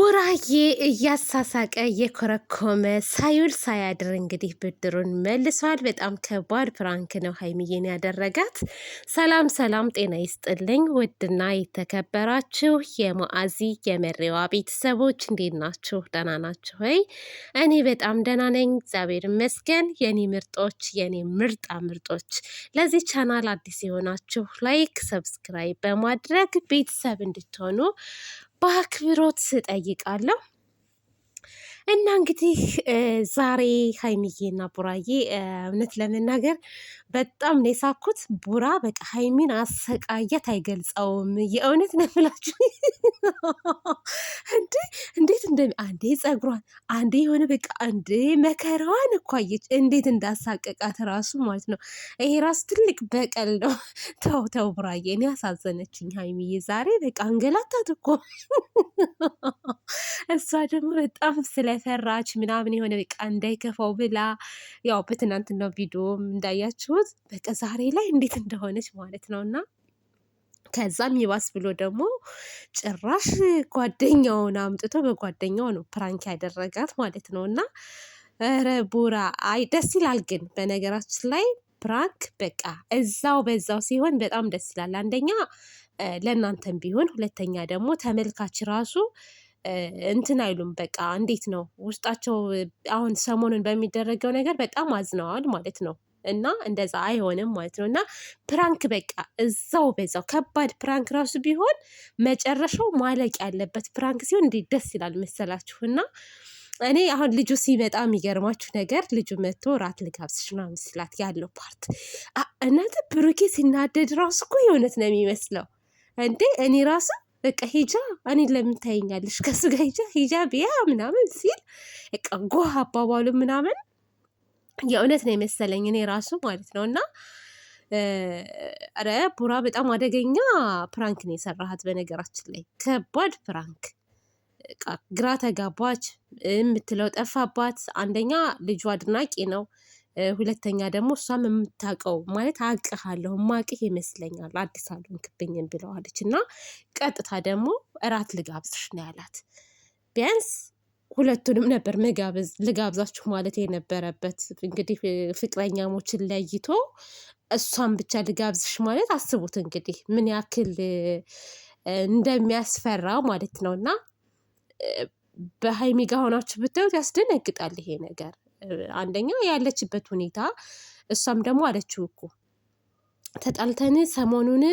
ቡራዬ እያሳሳቀ እየኮረኮመ ሳይውል ሳያድር እንግዲህ ብድሩን መልሷል። በጣም ከባድ ፕራንክ ነው ሀይሚዬን ያደረጋት። ሰላም ሰላም፣ ጤና ይስጥልኝ ውድና የተከበራችሁ የማአዚ የመሬዋ ቤተሰቦች እንዴት ናችሁ? ደህና ናችሁ ወይ? እኔ በጣም ደህና ነኝ፣ እግዚአብሔር ይመስገን። የኔ ምርጦች፣ የኔ ምርጣ ምርጦች፣ ለዚህ ቻናል አዲስ የሆናችሁ ላይክ፣ ሰብስክራይብ በማድረግ ቤተሰብ እንድትሆኑ በአክብሮት እጠይቃለሁ። እና እንግዲህ ዛሬ ሀይሚዬና ቡራዬ እውነት ለመናገር በጣም ነው የሳኩት። ቡራ በቃ ሀይሚን አሰቃየት አይገልጸውም። የእውነት ነው የምላችሁ እንደ አንዴ ጸጉሯን አንዴ የሆነ በቃ አንዴ መከራዋን እኮ አየች፣ እንዴት እንዳሳቀቃት ራሱ ማለት ነው። ይሄ ራሱ ትልቅ በቀል ነው። ተው ተው ብራዬ፣ እኔ ያሳዘነችኝ ሀይሚዬ ዛሬ በቃ አንገላታት እኮ እሷ ደግሞ በጣም ስለፈራች ምናምን የሆነ በቃ እንዳይከፋው ብላ ያው በትናንትናው ቪዲዮም እንዳያችሁት በቃ ዛሬ ላይ እንዴት እንደሆነች ማለት ነው እና ከዛም ይባስ ብሎ ደግሞ ጭራሽ ጓደኛውን አምጥቶ በጓደኛው ነው ፕራንክ ያደረጋት ማለት ነው። እና ኧረ ቡራ አይ ደስ ይላል። ግን በነገራችን ላይ ፕራንክ በቃ እዛው በዛው ሲሆን በጣም ደስ ይላል። አንደኛ ለእናንተም ቢሆን፣ ሁለተኛ ደግሞ ተመልካች ራሱ እንትን አይሉም። በቃ እንዴት ነው ውስጣቸው አሁን ሰሞኑን በሚደረገው ነገር በጣም አዝነዋል ማለት ነው። እና እንደዛ አይሆንም ማለት ነው። እና ፕራንክ በቃ እዛው በዛው ከባድ ፕራንክ ራሱ ቢሆን መጨረሻው ማለቅ ያለበት ፕራንክ ሲሆን እንዴት ደስ ይላል መሰላችሁ። እና እኔ አሁን ልጁ ሲመጣ የሚገርማችሁ ነገር ልጁ መጥቶ ራት ልጋብዝሽ ምናምን ሲላት ያለው ፓርት እናንተ ብሩኬ ሲናደድ ራሱ እኮ የእውነት ነው የሚመስለው እንዴ እኔ ራሱ በቃ ሂጃ እኔ ለምን ታይኛለሽ ከሱ ጋር ሂጃ ሂጃ ቢያ ምናምን ሲል በቃ ጎህ አባባሉ ምናምን የእውነት ነው የመሰለኝ እኔ ራሱ ማለት ነው እና ኧረ ቡራ በጣም አደገኛ ፕራንክ ነው የሰራሃት። በነገራችን ላይ ከባድ ፕራንክ፣ ግራ ተጋባች የምትለው ጠፋባት። አንደኛ ልጁ አድናቂ ነው፣ ሁለተኛ ደግሞ እሷም የምታውቀው ማለት አቅሃለሁ ማቅህ ይመስለኛል አዲስ ክብኝን ብለዋለች እና ቀጥታ ደግሞ እራት ልጋብዝሽ ነው ያላት ቢያንስ ሁለቱንም ነበር መጋበዝ ልጋብዛችሁ ማለት የነበረበት። እንግዲህ ፍቅረኛሞችን ለይቶ እሷን ብቻ ልጋብዝሽ ማለት አስቡት እንግዲህ ምን ያክል እንደሚያስፈራ ማለት ነው። እና በሀይሚ ጋ ሆናችሁ ብታዩት ያስደነግጣል ይሄ ነገር። አንደኛ ያለችበት ሁኔታ እሷም ደግሞ አለችው እኮ ተጣልተን ሰሞኑን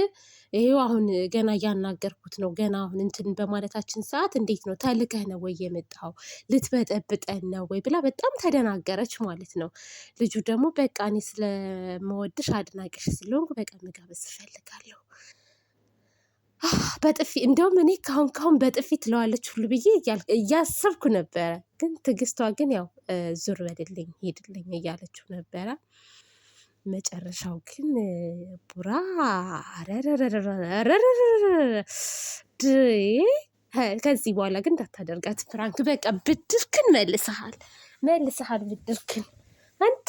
ይሄው አሁን ገና እያናገርኩት ነው። ገና አሁን እንትን በማለታችን ሰዓት እንዴት ነው ተልከህ ነው ወይ የመጣው ልትበጠብጠን ነው ወይ ብላ በጣም ተደናገረች ማለት ነው። ልጁ ደግሞ በቃ እኔ ስለመወድሽ አድናቂሽ ስለሆንኩ በቃ መጋበዝ እፈልጋለሁ በጥፊ እንደውም እኔ ካሁን ካሁን በጥፊ ትለዋለች ሁሉ ብዬ እያሰብኩ ነበረ። ግን ትዕግስቷ ግን ያው ዙር በልልኝ ሄድልኝ እያለችው ነበረ። መጨረሻው ግን ቡራ ከዚህ በኋላ ግን እንዳታደርጋት ፍራንክ። በቃ ብድርክን መልሰሃል፣ መልሰሃል ብድርክን። አንድ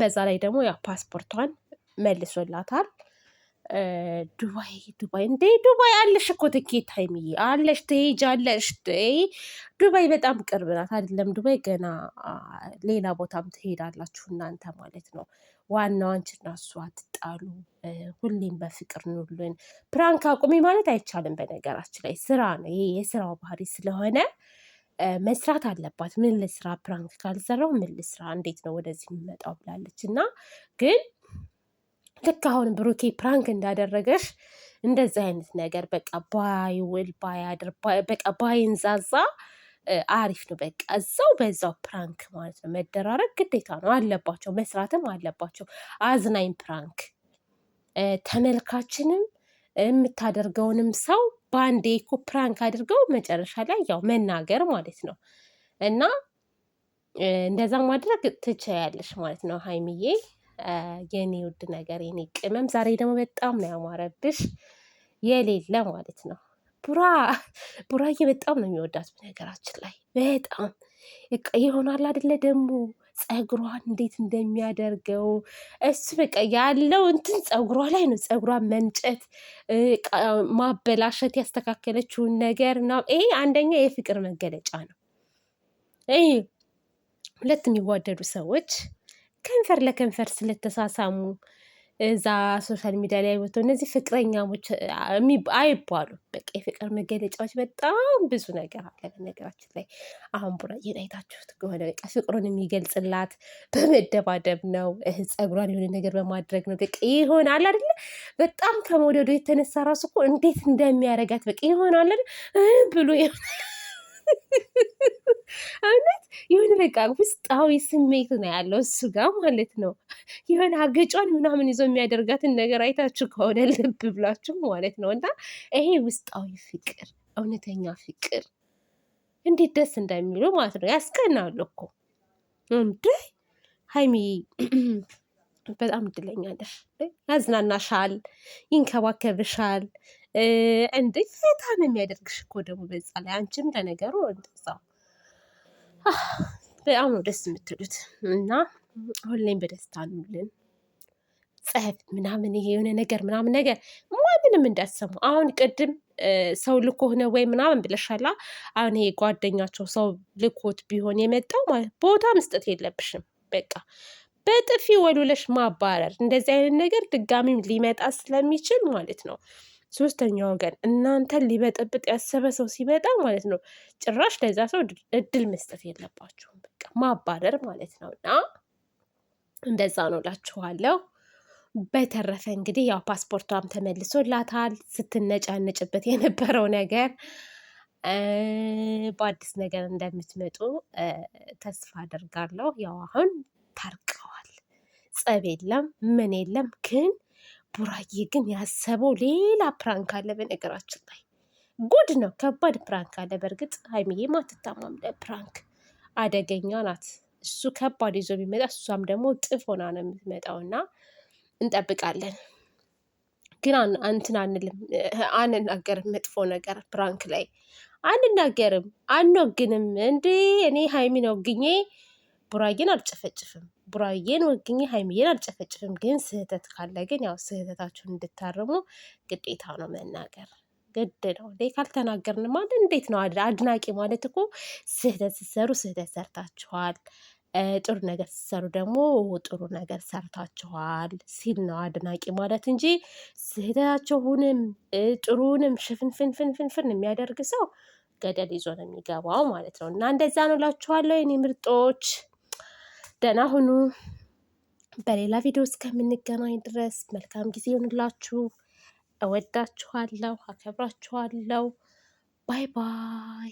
በዛ ላይ ደግሞ ያው ፓስፖርቷን መልሶላታል። ዱባይ ዱባይ እንዴ ዱባይ አለሽ እኮ ትኬት ታይምዬ አለሽ ትሄጃለሽ። ዱባይ በጣም ቅርብ ናት አይደለም? ዱባይ ገና ሌላ ቦታም ትሄዳላችሁ እናንተ ማለት ነው። ዋናው አንቺ እሷ አትጣሉ፣ ሁሌም በፍቅር ኑልን። ፕራንክ አቁሚ ማለት አይቻልም። በነገራችን ላይ ስራ ነው ይሄ፣ የስራው ባህሪ ስለሆነ መስራት አለባት። ምን ልስራ ፕራንክ ካልሰራው ምን ልስራ እንዴት ነው ወደዚህ የሚመጣው ብላለች እና ግን ልክ አሁን ብሩኬ ፕራንክ እንዳደረገሽ እንደዚህ አይነት ነገር በቃ ባይውል ባያድር በቃ ባይንዛዛ አሪፍ ነው። በቃ እዛው በዛው ፕራንክ ማለት ነው መደራረግ ግዴታ ነው አለባቸው፣ መስራትም አለባቸው። አዝናኝ ፕራንክ ተመልካችንም የምታደርገውንም ሰው በአንዴ እኮ ፕራንክ አድርገው መጨረሻ ላይ ያው መናገር ማለት ነው እና እንደዛ ማድረግ ትችያለሽ ማለት ነው ሀይሚዬ። የኔ ውድ ነገር የኔ ቅመም ዛሬ ደግሞ በጣም ነው ያማረብሽ የሌለ ማለት ነው። ቡራ ቡራዬ በጣም ነው የሚወዳት በነገራችን ላይ በጣም ይሆናል አይደለ ደግሞ ፀጉሯን እንዴት እንደሚያደርገው እሱ በቃ ያለው እንትን ፀጉሯ ላይ ነው። ፀጉሯን መንጨት፣ ማበላሸት፣ ያስተካከለችውን ነገር ና ይሄ አንደኛ የፍቅር መገለጫ ነው። ሁለት የሚዋደዱ ሰዎች ከንፈር ለከንፈር ስለተሳሳሙ እዛ ሶሻል ሚዲያ ላይ ወጥተው እነዚህ ፍቅረኛሞች አይባሉ። በቃ የፍቅር መገለጫዎች በጣም ብዙ ነገር አለ። በነገራችን ላይ አሁን ቡራዬን አይታችሁት ከሆነ በቃ ፍቅሩን የሚገልጽላት በመደባደብ ነው፣ ፀጉሯን የሆነ ነገር በማድረግ ነው። በቃ ይሆናል አይደለ? በጣም ከመውደዱ የተነሳ ራሱ እኮ እንዴት እንደሚያደርጋት በቃ ይሆናል ብሎ ይሆናል በቃ ውስጣዊ ስሜት ነው ያለው እሱ ጋር ማለት ነው። የሆነ አገጯን ምናምን ይዞ የሚያደርጋትን ነገር አይታችሁ ከሆነ ልብ ብላችሁ ማለት ነው። እና ይሄ ውስጣዊ ፍቅር፣ እውነተኛ ፍቅር እንዴት ደስ እንደሚሉ ማለት ነው። ያስቀናሉ እኮ እንዴ ሀይሚ በጣም እድለኛ ነሽ። ያዝናናሻል፣ ይንከባከብሻል። እንዴ ፈታ ነው የሚያደርግሽ እኮ ደግሞ በዛ ላይ አንቺም ለነገሩ እንደዛው በጣም ነው ደስ የምትሉት እና ሁሌም በደስታ ኑልን። ጸብ ምናምን ይሄ የሆነ ነገር ምናምን ነገር ማንንም እንዳትሰሙ። አሁን ቅድም ሰው ልኮ ሆነ ወይ ምናምን ብለሻላ። አሁን ይሄ ጓደኛቸው ሰው ልኮት ቢሆን የመጣው ማለት ቦታ መስጠት የለብሽም በቃ በጥፊ ወሉለሽ ማባረር። እንደዚህ አይነት ነገር ድጋሚም ሊመጣ ስለሚችል ማለት ነው። ሶስተኛ ወገን እናንተን ሊበጠብጥ ያሰበ ሰው ሲመጣ ማለት ነው ጭራሽ ለዛ ሰው እድል መስጠት የለባችሁም። ማባረር ማለት ነው እና እንደዛ ነው እላችኋለሁ። በተረፈ እንግዲህ ያው ፓስፖርቷም ተመልሶላታል። ስትነጫነጭበት የነበረው ነገር በአዲስ ነገር እንደምትመጡ ተስፋ አደርጋለሁ። ያው አሁን ታርቀዋል። ጸብ የለም ምን የለም ግን ቡራዬ ግን ያሰበው ሌላ ፕራንክ አለ። በነገራችን ላይ ጉድ ነው፣ ከባድ ፕራንክ አለ። በእርግጥ ሀይሚዬ ማትታማም ፕራንክ አደገኛ ናት። እሱ ከባድ ይዞ ቢመጣ እሷም ደግሞ ጥፍ ሆና ነው የምትመጣው እና እንጠብቃለን። ግን እንትን አንልም፣ አንናገርም። መጥፎ ነገር ፕራንክ ላይ አንናገርም፣ አንወግንም። እንዴ እኔ ሀይሚን ወግኜ ቡራዬን አልጨፈጭፍም፣ ቡራዬን ወግኜ ሀይሚዬን አልጨፈጭፍም። ግን ስህተት ካለ ግን ያው ስህተታችሁን እንድታርሙ ግዴታ ነው መናገር። ግድ ነው እንዴ? ካልተናገርን ማለት እንዴት ነው? አድናቂ ማለት እኮ ስህተት ስትሰሩ ስህተት ሰርታችኋል፣ ጥሩ ነገር ስትሰሩ ደግሞ ጥሩ ነገር ሰርታችኋል ሲል ነው አድናቂ ማለት እንጂ ስህተታቸውንም ጥሩንም ሽፍንፍንፍንፍን የሚያደርግ ሰው ገደል ይዞ ነው የሚገባው ማለት ነው። እና እንደዛ ነው እላችኋለሁ የኔ ምርጦች፣ ደህና ሁኑ። በሌላ ቪዲዮ እስከምንገናኝ ድረስ መልካም ጊዜ ይሆንላችሁ። እወዳችኋለሁ፣ አከብራችኋለሁ። ባይ ባይ።